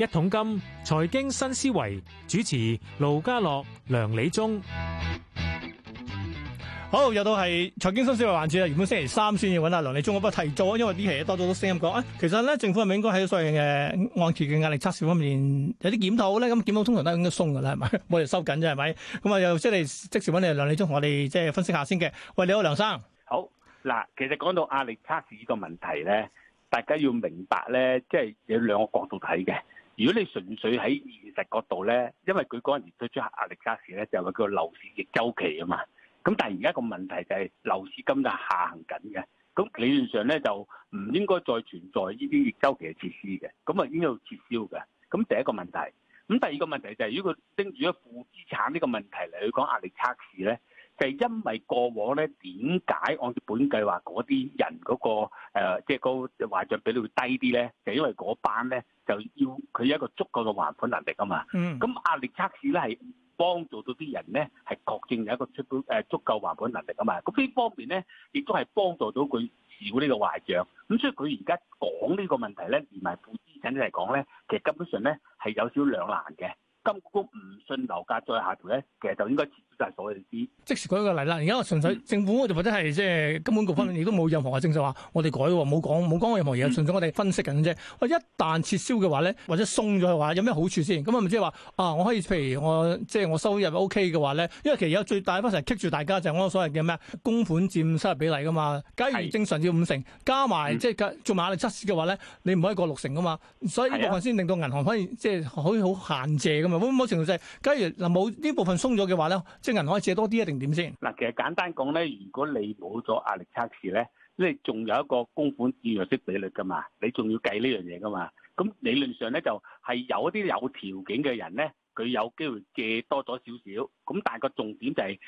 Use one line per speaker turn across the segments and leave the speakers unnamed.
一桶金財經新思維，主持盧家樂梁理中。好，又到係財經新思維環節啦。原本星期三先要揾阿梁理中，我不過提早，因為呢期多咗都聲音講啊。其實咧，政府係咪應該喺所謂嘅按揭嘅壓力測試方面有啲檢討咧？咁檢討通常都應該鬆噶啦，係咪我哋收緊啫？係咪咁啊？又即係即時揾你梁理中，我哋即係分析一下先嘅。喂，你好，梁生。
好嗱，其實講到壓力測試呢個問題咧，大家要明白咧，即係有兩個角度睇嘅。如果你純粹喺現實角度咧，因為佢嗰陣時推出壓力測試咧，就係叫做樓市逆周期啊嘛。咁但係而家個問題就係樓市今就下行緊嘅，咁理論上咧就唔應該再存在呢啲逆周期嘅設施嘅，咁啊應該要撤銷嘅。咁第一個問題，咁第二個問題就係如果佢拎住一負資產呢個問題嚟去講壓力測試咧？就係因為過往咧，點解按照本計劃嗰啲人嗰個誒，即係個壞帳比率會低啲咧？就因為嗰班咧就要佢有一個足夠嘅還款能力啊嘛。嗯。咁壓力測試咧係幫助到啲人咧，係確認有一個足夠誒足夠還款能力啊嘛。咁呢方面咧，亦都係幫助到佢少呢個壞帳。咁所以佢而家講呢個問題咧，連埋負資產嚟講咧，其實根本上咧係有少少兩難嘅。根本唔。
樓價再下調咧，其實就應該撤銷曬所有啲。即時舉一個例啦，而家我純粹政府我就或者係即係根本各方面亦都冇任何嘅證實話我哋改，冇講冇講過任何嘢，純、嗯、粹我哋分析緊啫。我一旦撤銷嘅話咧，或者鬆咗嘅話，有咩好處先？咁、就、啊、是，唔知話啊，我可以譬如我即係、就是、我收入 O K 嘅話咧，因為其實有最大部分棘住大家就是、我所謂嘅咩供款佔收入比例噶嘛。假如正常要五成，加埋、嗯、即係做埋壓力測試嘅話咧，你唔可以過六成噶嘛。所以呢部分先、啊、令到銀行可以即係可以好限借噶嘛。冇冇程度就係、是。假如嗱冇呢部分鬆咗嘅話咧，即係銀行可以借多啲一定點先？嗱，其實簡單講咧，如果你冇咗壓力測試咧，即係仲有一個供款注入息比
率噶嘛，你仲要計呢樣嘢噶嘛？咁理論上咧就係、是、有一啲有條件嘅人咧，佢有機會借多咗少少。咁但係個重點就係、是、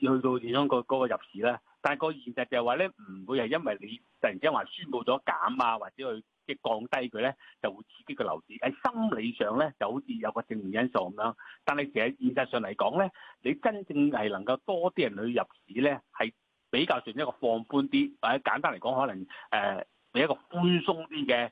去到最終個嗰個入市咧。但係個現實就係話咧，唔會係因為你突然之間話宣布咗減啊，或者去即係降低佢咧，就會刺激個樓市。喺心理上咧，就好似有個正面因素咁樣。但係其實現實上嚟講咧，你真正係能夠多啲人去入市咧，係比較算一個放寬啲，或者簡單嚟講，可能誒係一個寬鬆啲嘅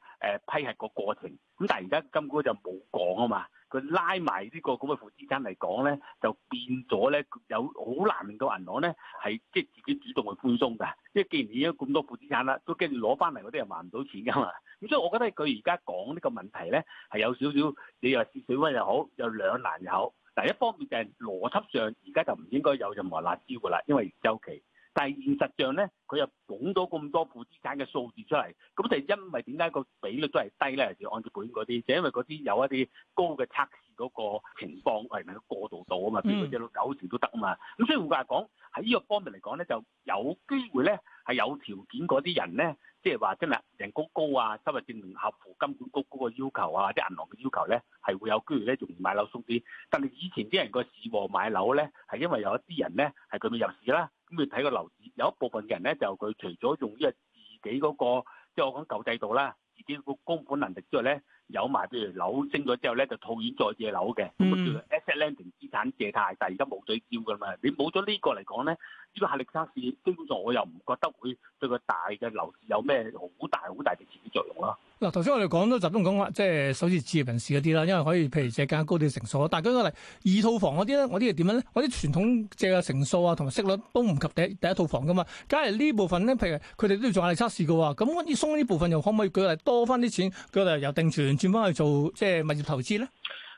誒批核個過程。咁但係而家根本就冇講啊嘛。佢拉埋呢個咁嘅負資產嚟講咧，就變咗咧，有好難令到銀行咧係即係自己主動去寬鬆㗎，即既然已經咁多負資產啦，都跟住攞翻嚟嗰啲又還唔到錢㗎嘛。咁所以我覺得佢而家講呢個問題咧，係有少少，你話試水溫又好，有兩難又好。第一方面就係邏輯上而家就唔應該有任何辣椒㗎啦，因為週期，但係現實上咧。佢又講咗咁多負資產嘅數字出嚟，咁就因為點解個比率都係低咧？就按照本嗰啲，就是、因為嗰啲有一啲高嘅測試嗰個情況，係咪過度到啊嘛？嗯。俾佢借到九成都得啊嘛。咁所以換句話講喺呢個方面嚟講咧，就有機會咧係有條件嗰啲人咧，即係話真係人工高啊，收入證明合乎金管局嗰個要求啊，或者銀行嘅要求咧，係會有機會咧容易買樓鬆啲。但係以前啲人個市旺買樓咧，係因為有一啲人咧係準備入市啦，咁佢睇個樓市有一部分嘅人咧。就佢除咗用呢個自己嗰個，即係我講舊制度啦，自己個供款能力之外咧，有埋譬如樓升咗之後咧，就套現再借樓嘅，咁啊叫做 asset lending 資產借貸，但係而家冇對焦噶嘛，你冇咗呢個嚟講咧，呢個壓力測試基本上我又唔覺得會對個大嘅樓市有咩好大好大嘅刺激作用咯。
嗱，頭先我哋講到集中講話，即係首次置業人士嗰啲啦，因為可以譬如借價高啲成數，但係舉個例，二套房嗰啲咧，嗰啲係點樣咧？嗰啲傳統借嘅成數啊，同埋息率都唔及第一第一套房噶嘛。假如呢部分咧，譬如佢哋都要做壓力測試嘅話，咁我哋鬆呢部分又可唔可以舉例多返啲錢，舉例由定存轉返去做即係物業投資咧？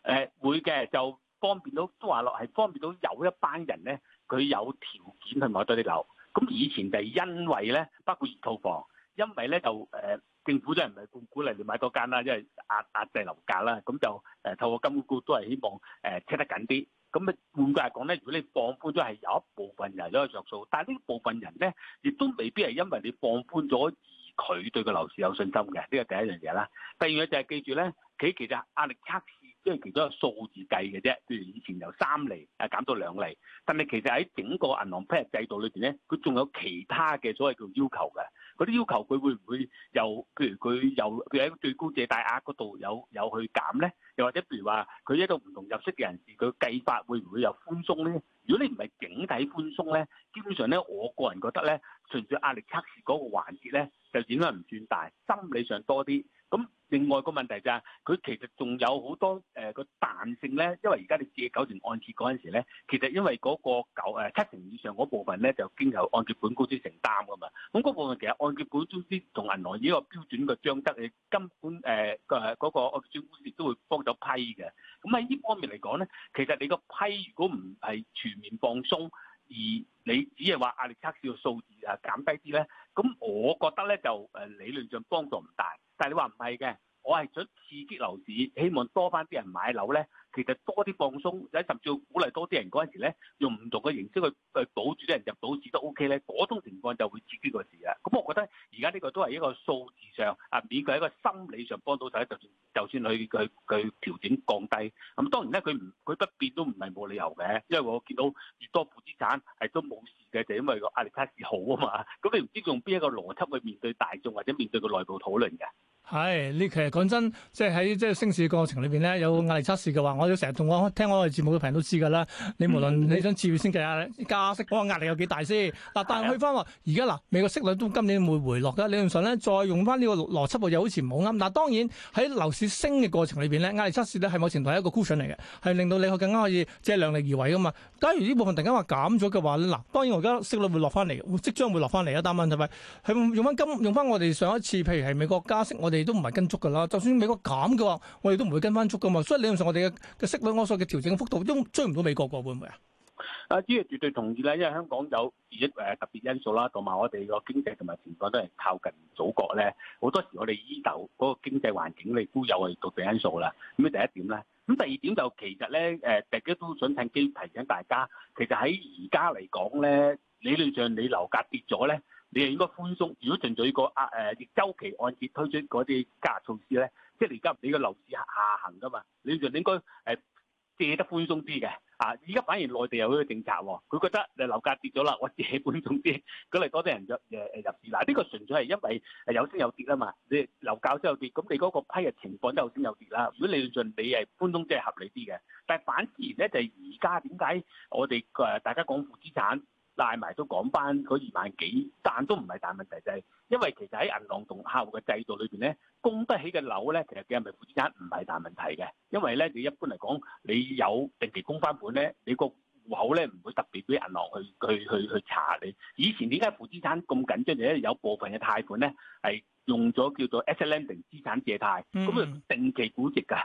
呃，會
嘅，就方
便到都話落係方便到有一班人咧，佢有條件去
買多啲樓。咁以前就係因為咧，包括二套房，因為咧就，呃政府真係唔係咁鼓勵你買多間啦，因為壓壓制樓價啦，咁就誒透過金股都係希望誒貼得緊啲。咁啊，換句話講咧，如果你放寬咗，係有一部分人攞係着數，但係呢部分人咧，亦都未必係因為你放寬咗而佢對個樓市有信心嘅。呢個第一樣嘢啦。第二樣就係記住咧，佢其實壓力測試。即係，其實係數字計嘅啫。譬如以前由三厘誒減到兩厘，但係其實喺整個銀行批入制度裏邊咧，佢仲有其他嘅所謂叫要求嘅。嗰啲要求佢會唔會又，譬如佢有，佢喺最高借貸額嗰度有有去減咧？又或者譬如話，佢一個唔同入息嘅人士，佢計法會唔會有寬鬆咧？如果你唔係整體寬鬆咧，基本上咧，我個人覺得咧，純粹壓力測試嗰個環節咧，就影響唔算大，心理上多啲。另外個問題就係，佢其實仲有好多誒個彈性咧，因為而家你借九成按揭嗰陣時咧，其實因為嗰個九誒七成以上嗰部分咧，就經由按揭本公司承擔噶嘛。咁嗰部分其實按揭本公司同銀行呢個標準嘅漲得，你根本誒誒嗰個按揭公司都會幫咗批嘅。咁喺呢方面嚟講咧，其實你個批如果唔係全面放鬆，而你只係話壓力測試嘅數字誒啊減低啲咧。我覺得咧就誒理論上幫助唔大，但係你話唔係嘅。我係想刺激樓市，希望多翻啲人買樓咧。其實多啲放鬆，甚至要鼓勵多啲人嗰陣時咧，用唔同嘅形式去去保住啲人入到市都 OK 咧。嗰種情況就會刺激個市啦。咁我覺得而家呢個都係一個數字上啊，以及一個心理上幫到手。就算就算佢佢佢調整降低，咁當然咧，佢唔佢不變都唔係冇理由嘅，因為我見到越多負資產係都冇事嘅，就因為個壓力測試好啊嘛。咁你唔知用邊一個邏輯去面對大眾或者面對個內部討論嘅？
係、哎，你其實講真，即係喺即係升市過程裏邊咧，有壓力測試嘅話，我哋成日同我聽我哋節目嘅朋友都知㗎啦。你無論你想節節先計下加息嗰個壓力有幾大先。嗱，但係去翻話，而家嗱美國息率都今年會回落㗎。理論上咧，再用翻呢個邏輯又好似唔好啱。但當然喺樓市升嘅過程裏邊咧，壓力測試咧係某程度係一個 cushion 嚟嘅，係令到你去更加可以即係量力而為㗎嘛。假如呢部分突然間話減咗嘅話嗱，當然我而家息率會落翻嚟，即將會落翻嚟。一單問題係，用翻今用翻我哋上一次，譬如係美國加息，我哋。你都唔係跟足噶啦，就算美國減嘅話，我哋都唔會跟翻足噶嘛，所以理論上我哋嘅息率我所嘅調整嘅幅度都追唔到美國嘅，會唔會啊？
啊，呢個絕對同意咧，因為香港有自己誒特別因素啦，同埋我哋個經濟同埋情況都係靠近祖國咧，好多時候我哋依舊嗰個經濟環境你都有係特別因素啦。咁啊第一點咧，咁第二點就其實咧誒，大家都想趁機提醒大家，其實喺而家嚟講咧，理論上你樓價跌咗咧。你係應該寬鬆，如果仲在個啊誒週期按揭推出嗰啲加息措施咧，即係而家你個樓市下行噶嘛，你就應該誒借得寬鬆啲嘅啊！而家反而內地又有個政策喎，佢覺得誒樓價跌咗啦，我借寬鬆啲，咁嚟多啲人入誒誒入市。嗱，呢個純粹係因為有升有跌啊嘛，你樓價先有跌，咁你嗰個批嘅情況都有升有跌啦。如果你仲你係寬鬆，即係合理啲嘅。但係反自然咧，就係而家點解我哋誒大家講負資產？帶埋都講翻嗰二萬幾，但都唔係大問題。就係因為其實喺銀行同客戶嘅制度裏邊咧，供得起嘅樓咧，其實佢係咪負資產唔係大問題嘅。因為咧，你一般嚟講，你有定期供翻本咧，你個戶口咧唔會特別俾銀行去去去去查你。以前點解負資產咁緊張？就因為有部分嘅貸款咧係用咗叫做 asset lending 資產借貸，咁啊定期估值㗎。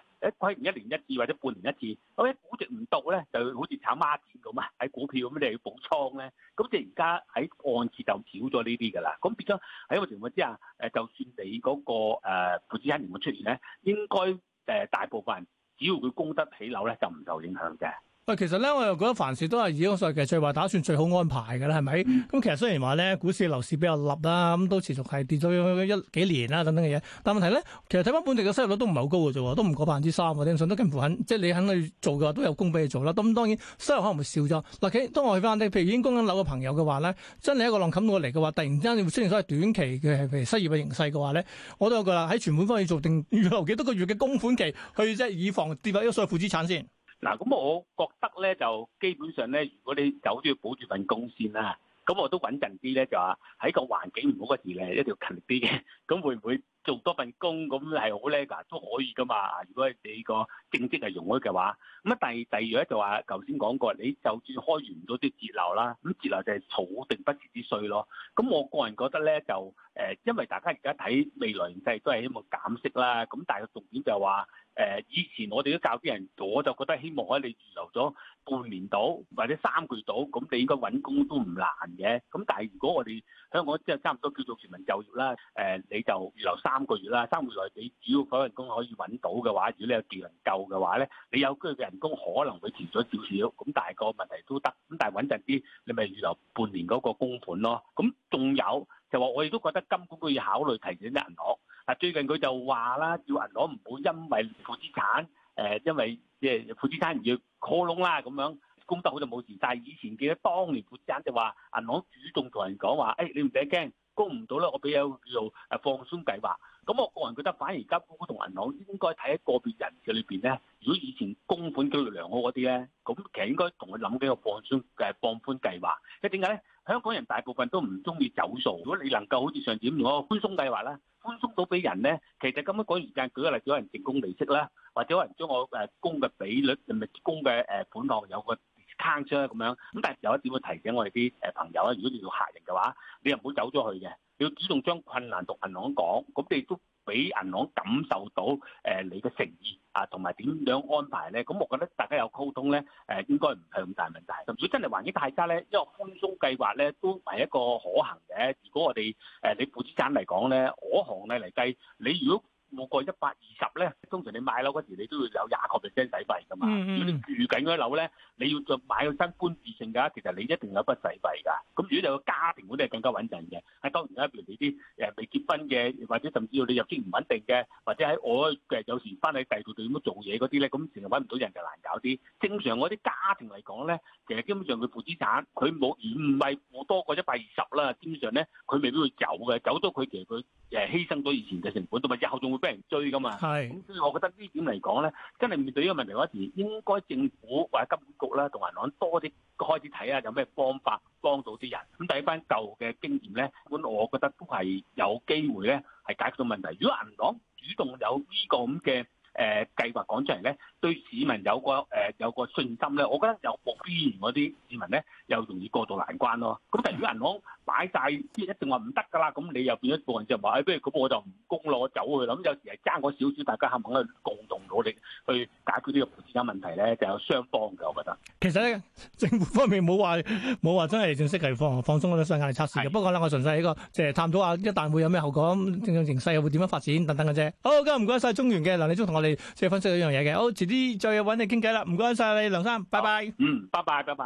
批年一年一次或者半年一次，我喺估值唔到咧，就好似炒孖展咁啊，喺股票咁，你要補倉咧，咁即係而家喺按揭就少咗呢啲噶啦。咁變咗喺一個情況之下，誒就算你嗰個誒負資產唔會出現咧，應該誒大部分人只要佢供得起樓咧，就唔受影響嘅。
喂，其實咧，我又覺得凡事都係以我所謂嘅最話打算最好安排嘅啦，係咪？咁、嗯、其實雖然話咧，股市樓市比較立啦，咁都持續係跌咗一幾年啦等等嘅嘢。但問題咧，其實睇翻本地嘅失業率都唔係好高嘅啫，都唔過百分之三，我相信都近乎肯，即係你肯去做嘅話都有工俾你做啦。咁當然收入可能會少咗。嗱，當我去翻，譬如已經供緊樓嘅朋友嘅話咧，真係一個浪冚過嚟嘅話，突然之間你會出現所謂短期嘅譬如失業嘅形勢嘅話咧，我都有句啦，喺存款方面做定預留幾多個月嘅供款期去即係以防跌落一個所謂負資產先。嗱、啊，咁我覺得咧就基本上咧，如果你就算要保住份工先啦，
咁我都穩陣啲咧就話喺個環境唔好嗰時咧，一定要勤力啲嘅。咁會唔會做多份工咁係好叻噶都可以噶嘛。如果你個正職係容許嘅話，咁啊，但係第二就話，頭先講過，你就算開完咗啲節流啦，咁節流就係儲定不時之需咯。咁我個人覺得咧就誒、呃，因為大家而家睇未來形勢都係希望減息啦，咁但係個重點就係話。誒以前我哋都教啲人，我就覺得希望喺你預留咗半年到或者三個月到，咁你應該揾工都唔難嘅。咁但係如果我哋香港即係差唔多叫做全民就業啦，誒你就預留三個月啦，三個月內你只要揾份工可以揾到嘅話，如果你有技能夠嘅話咧，你有機會嘅人工可能會遲咗少少，咁但係個問題都得。咁但係穩陣啲，你咪預留半年嗰個工盤咯。咁仲有就話我亦都覺得金管局要考慮提前啲銀行。嗱，最近佢就話啦，叫銀行唔好，因為負資產，誒，因為即係負資產要 call loan 啦，咁樣供得好就冇事。但以前記得當年負資產就話，銀行主動同人講話，誒，你唔使驚，供唔到啦，我俾有叫做誒放鬆計劃。咁我個人覺得，反而而家我同銀行應該睇喺個別人士裏邊咧。如果以前供款記錄良好嗰啲咧，咁其實應該同佢諗幾個放鬆嘅放寬計劃。即係點解咧？香港人大部分都唔中意走數，如果你能夠好似上次做個寬鬆計劃咧。寬鬆到俾人咧，其實咁樣嗰段時間舉個例子，可能淨供利息啦，或者可能將我誒供嘅比率，係咪供嘅誒款項有個㗎咁樣？咁但係有一點要提醒我哋啲誒朋友啊，如果你做客人嘅話，你又唔好走咗去嘅，你要主動將困難同銀行講，咁你都。俾銀行感受到誒你嘅誠意啊，同埋點樣安排咧？咁我覺得大家有溝通咧，誒應該唔係咁大問題。如果真係環境大家咧，因為寬鬆計劃咧都係一個可行嘅。如果我哋誒你負資產嚟講咧，我行咧嚟計，你如果冇過一百二十咧，通常你買樓嗰時你都會有廿個 percent 使費㗎嘛。如果你住緊嗰樓咧，你要再買個新官置成㗎，其實你一定有筆使費㗎。咁如果你個家庭嗰啲係更加穩陣嘅。係當然啦，譬如你啲誒未結婚嘅，或者甚至要你入職唔穩定嘅，或者喺我嘅有時翻喺第二度做嘢嗰啲咧，咁成日揾唔到人就難搞啲。正常我啲家庭嚟講咧，其實基本上佢負資產，佢冇而唔係冇多過一百二十啦。基本上咧，佢未必會走嘅，走咗佢其實佢誒犧牲咗以前嘅成本，同埋日後仲俾人追噶嘛，咁所以我覺得呢點嚟講咧，真係面對呢個問題嗰時，應該政府或者金管局咧同銀行多啲開始睇下有咩方法幫到啲人。咁睇翻舊嘅經驗咧，咁我覺得都係有機會咧，係解決到問題。如果銀行主動有呢個咁嘅，誒、呃、計劃講出嚟咧，對市民有個誒、呃、有個信心咧，我覺得有無必然嗰啲市民咧，又容易過度難關咯。咁但係如果銀行買曬，即一定話唔得㗎啦。咁你又變咗一部分就話，不如咁我就唔供攞走去啦。咁有時係爭嗰少少，大家下猛去共同努力去解決呢個資金問題咧，就有雙方嘅。我覺得
其實咧，政府方面冇話冇話真係正式係放放鬆嗰啲樓按壓力測試嘅。不過啦，我純粹呢個即係探討一下，一旦會有咩後果，正常形勢又會點樣發展等等嘅啫。好，今日唔該晒中原嘅梁理中同學。你即係分析嗰樣嘢嘅，好，遲啲再要揾你傾偈啦，唔該晒你，梁生，拜拜，嗯，拜拜，拜拜。